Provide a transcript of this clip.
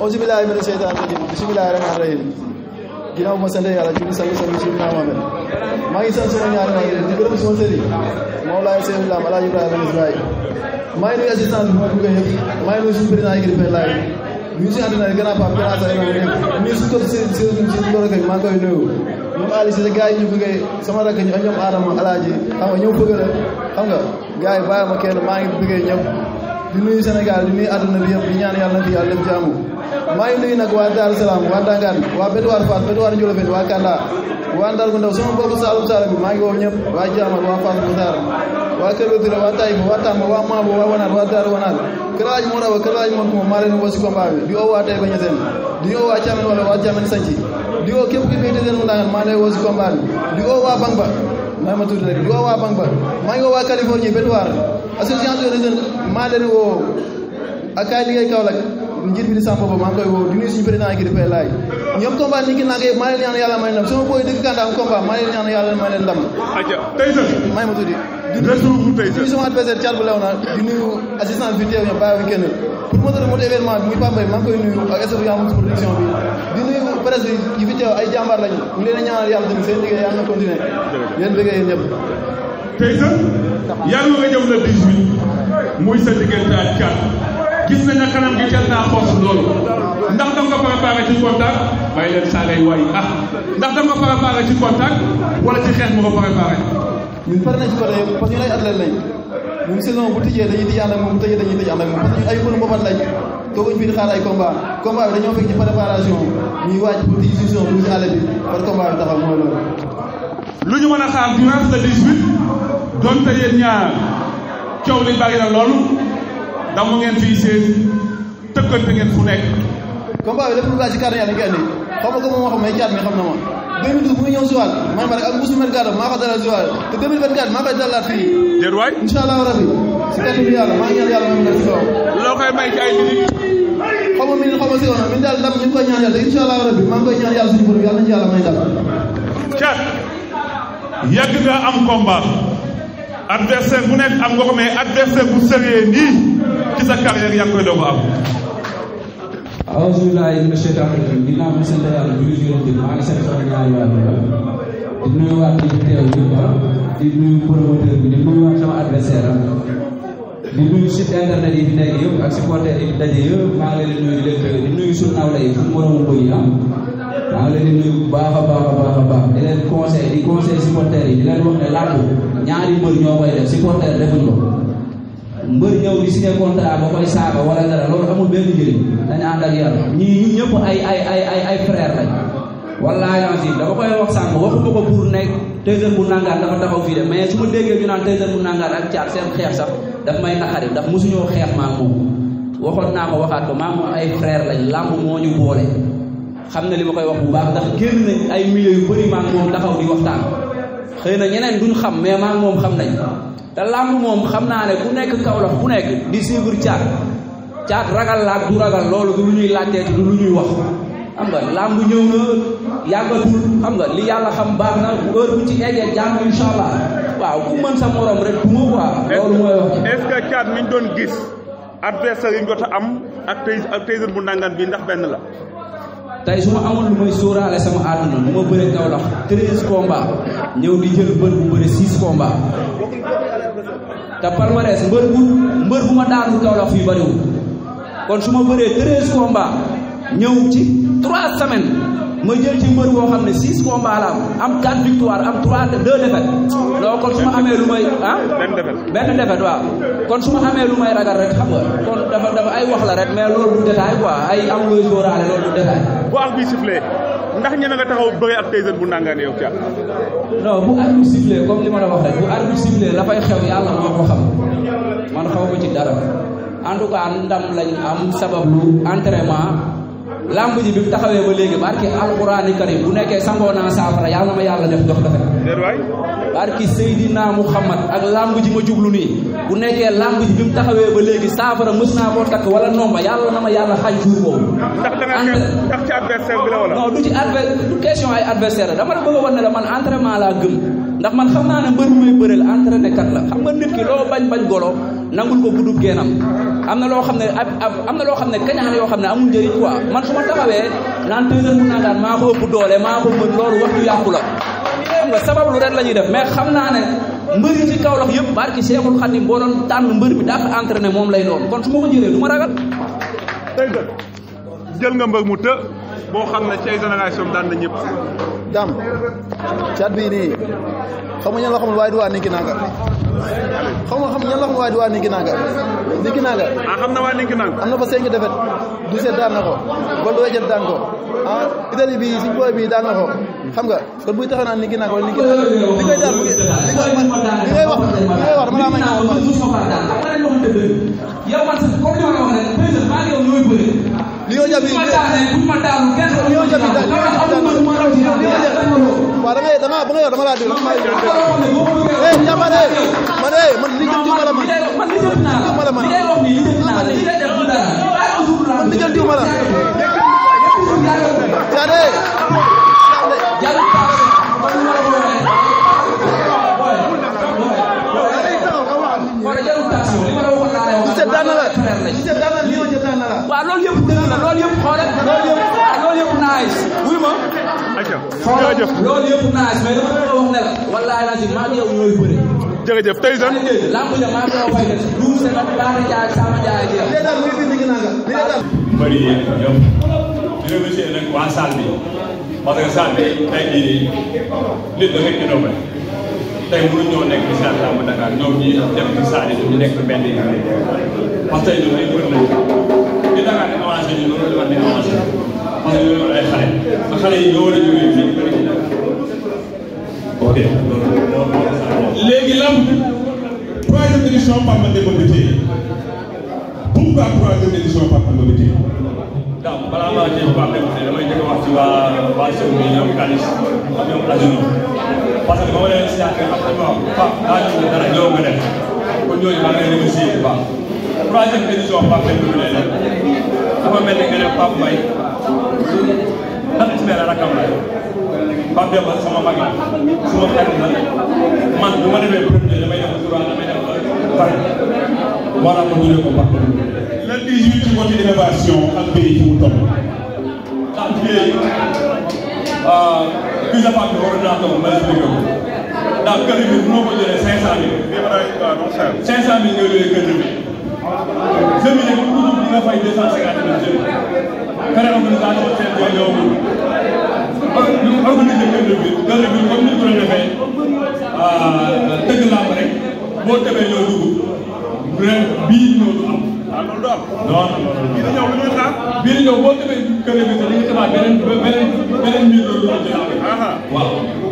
auzu billaahi mina sheytaani rajiim bismillaahi rahmaani rahiim ginnaaw ma sant yàlla julli sallu sallu si naa Muhammad maa ngi sant sama ñaari mag di gërëm sama sëriñ Alaaji Ibrahima Niass maa ngi nuyu assistance bi ma duggee yëpp maa ngi nuyu suñu président équipe laay ñu si ànd na grand pape grand sa ñu ñu su ko si nuyu ñoom Aliou si gars ñu bëgg sama rakk ñu Alaaji xam nga ñoom bëgg la xam nga gars yi bàyyi ma kenn maa ngi bëggee di nuyu senegal di nuyu aduna bi yepp di ñaan yalla nabi yalla jamu may jaamu maa ngi nuyu nag wa Daaru Salaam waa Dangaan waa Bétuwaar Faat Bétuwaar Njolofeen wa Kanda wa Ndar gu ndaw sama mbokku Saalum Saalum bi maa ngi woo ñëpp waa Jaamal waa Fass Moussar waa Kër Bature waa Taïba waa Tamba waa Maabo waa Wanaat waa Daaru Wanaat kër laaj moo rawa kër laaj moo kuma maa leen woo si combat bi di o wa tay Taïba Ñaseen di o wa Caamen wala waa Caamen Sanci di o képp ki beete den mu ndaangan ma lay woo si combat bi di o wa Bang Ba maa ma tuuti rek di woo waa Bang Ba maa ngi woo waa Californie Bétuwaar association des jeunes maa leen woo ak kaay liggéey Kaolack njiit bi di Samba Ba maa koy woo di nuyu suñu président équipe dafay laaj ñoom combat ni ki naa koy maa leen ñaan yàlla may ndam sama booy dëkk Kandaam combat maa leen ñaan yàlla may leen ndam. ayca tey may ma tuddi. di nuyu sama adversaire Thiat bu lew na di nuyu assistant bi teew ñoom maa koy nuyu ak staff Yamoussoukro production bi di nuyu presse bi yi fi teew lañu ñu leen a ñaanal yàlla tey sa yàlla nga jëm la 18 muy sa diggante ak Thiat gis nañ ne kanam gi teel naa xos loolu ndax da nga ko ci contact bàyyi leen saa lay waay ah ndax da nga ko ci contact wala ci xeex mu ko préparé. ñun pare nañ ci côté parce que ay athlètes lañ ñun saison bu tijjee dañuy tijji moom bu tëjee dañuy tëj ànd ak bi dañoo fekk ci préparation ñuy waaj pour tijji saison bu ñu bi par combat bi taxaw mooy loolu. lu ñu mën a xaar durant le donte yeen ñaar ciow li bari na loolu damu ngeen fi seen tekkante ngeen fu nekk combat bi lépp lu gaa ci carnet yàlla ngeen andi xaw ma ko moom xam may jaar mi xam na moom 2012 mu ngi ñëw siwaat man ma rek ak mbusu mel gàddo maa ko dalal siwaat te 2024 maa koy dalalaat fii déet waay incha allahu rabi si kàddu bi yàlla maa ngi ñaan yàlla moom nag si loo koy may ci ay minute xam ma minute xam ma si woon min daal ndam ñu koy ñaan yàlla incha allahu rabi maa ngi koy ñaan yàlla suñu borom yàlla nañu yàlla may dal caat yàgg nga am combat adversaire bu nekk am nga ko mais bu sérieux nii ci sa carrière yaa ngi koy doog a am. awuzu billaahi mina sheytaani rajiim ginnaaw bi sant yàlla bi ñu jëlee maa ngi sant sama ñaari di nuyuwaat di teew ah. di nuyu promoteur bi di nuyuwaat sama adversaire am ah. di nuyu site internet yi fi nekk yëpp ak supporter yi daje yëpp maa leen di nuyu di leen di nuyu suñu nawle yi am. Ah. maa leen di nuyu bu baax a baax di leen conseil di conseil supporter yi di leen wax ne làmb ñaari mbër ñoo koy def supporter defuñ ko mbër ñëw di signé contrat ba koy saaga wala dara loolu amul benn njëriñ dañu ànd ak yar ñii ñu ñëpp ay ay ay ay ay frère lañ wallaay lancim dama koy wax sànq waxuma ko pour nekk Tyson bu nangaan dafa taxaw fii de mais su ma déggee ñu naan Tyson bu nangaan ak caat seen xeex sax daf may naqari ndax mosuñoo xeex maam moom naa ko waxaat ko maam ay frère lañ làmb moo ñu boole xam na li koy yu xëy na ñeneen duñ xam mais maa moom xam nañ ta làmb moom xam naa ne ku nekk Kaolack nekk di suivre caat caat ragal laak du ragal loolu du lu ñuy lu ñuy wax xam nga làmb ñëw na yàggatul xam nga li yàlla xam baax na bu heure bu ci eggee waaw ku mën sa morom rek du loolu mooy wax est caat mi doon gis adversaire yi ñu am ak tey bu nangan bi ndax benn la tey su ma amoon lu may sóoraale sama àdduna mu ma bëre Kaolack treize combats ñëw di jël mbër bu bëre six combats te palmarès mbër bu mbër bu ma daanu Kaolack fii kon su ma bëree treize combats ñëw ci trois semaines ma jël ci mbër boo xam ne six combat la am am quatre victoire am trois deux défaite loolu kon su ma amee lu may ah benn défaite waaw kon su ma amee lu may ragal rek xam nga kon dafa dafa ay wax la rek mais loolu du détail quoi ay am looy sóoraale loolu du détail bu ak bi sifflé ndax ñene nga taxaw bëgg ak Tyson bu nangane yow ci non bu arbitre sifflé comme li ma la wax rek bu arbitre sifflé la fay xew yàlla moo ko xam man xaw ko ci dara en tout cas ndam lañ am sabab entraînement lamb ji bi mu taxawee ba léegi barki alquraani karim bu nekkee sangoo naa saafara yàlla na ma yàlla def dox dafa barki Seydina Muhammad ak lamb ji ma jublu nii bu nekkee lamb ji bi mu taxawee ba léegi saafara mës naa koo takk wala nomba yàlla na ma yàlla xaj jour boobu. ndax ci adversaire du ci adver du question ay adversaire dama la bëgg a wan ne la man entraînement laa gëm ndax man xam naa ne mbër mi may bëreel entraîné kat la xam nga nit ki loo bañ bañ golo nangul ko guddub geenam am na loo xam ne am na loo xam ne kañaan yoo xam ne amul njëriñ quoi man su ma taxawee naan Tyson mun naa daan maa ko ëpp doole maa ko mën loolu wax ju yàqu la xam nga sabab lu ret la ñuy def mais xam naa ne mbër yi ci Kaolack yëpp barki Seexul Xadim boo doon tànn mbër bi daa ko entraîné moom lay doon kon su ma ko jëlee du ma ragal jël nga mbër mu të boo xam na ci ay génération daan na ñëpp. dam caat bii nii xaw ma ñan la waaye du waa Ninki Nanga xaw ma xam ñan la xamul waaye du waa Ninki Nanga Ninki xam na waa Ninki Nanga. am na fa cinq défaite du seet daan na ko Goldo Wejjat daan ko ah Italie bii suñu bii daan na ko xam nga kon buy taxaw naan Ninki Nanga wala Ninki Nanga li koy daal li ngay wax li ngay wax dama laa may. ñooñu am yi ñooñu am waaw dama ye dama ba nga yor dama laa déglu dama laa déglu eh jàmbaare man eh man lijjanti ma la man lijjanti ma la man man lijjanti ma la jaade jaade waaw loolu yëpp jërëjëf loolu yëpp naa mais dama la wax ne la wallaahi naa si maa ngi yow ñooy bëri. jërëjëf tey sax. lamb ja maa ngi yow fay def duum sa nag Baara Ndiaye ak Sama Ndiaye ak yow. bëri yéen ñëpp di remercier nag waa salle bi parce que salle bi tey jii nit da ngay innové tey mënuñ ñoo nekk ci salle lamb Dakar ñoom ñi dem ci salle yi ñu nekk benn yi parce que ñun ay bëri lañu di Dakar avancé ñu loolu la war a avancé parce que ba xale yi ñoo war a jógee fii ok léegi lam troisième édition Papa Demba Bitèye pourquoi troisième édition Papa Demba Bitèye daaw balaa maa jéem Papa Demba Bitèye damay njëkk a wax ci waa waa Sow bi ñoom Kalis ak ñoom Azuno parce que ba ma leen si yaatu ak xam nga Pape daa ñu dara ñoo nga def kon ñooñu maa ngi leen remercier bu baax troisième édition Papa Demba Bitèye dafa mel ni nga ne Pape Mbaye ndax Ismaïla rakkam la Pape Demba sama mag la sama xarit la man bu ma demee premier damay def droit damay def pare moo tax ma ñëwee ko wax le 18 ci côté innovation ak pays ci mu topp ndax pays visa Pape bi waroon naa toog ma expliqué ko ndax kër bi bu ma ko jëlee 500000. 500000 nga jëlee kër bi. jeunes yi nag ku dugg nga fay deux cent cinquante mille jeunes frais organisation seen tool yow organisé kër de ville kër de ville comme ni ñu ko euh, tëgg làmb rek boo tëbee ñoo dugg ren bii ñoo am. ah loolu du am. non bii di ñëw lu ñuy naan. bii di ñëw boo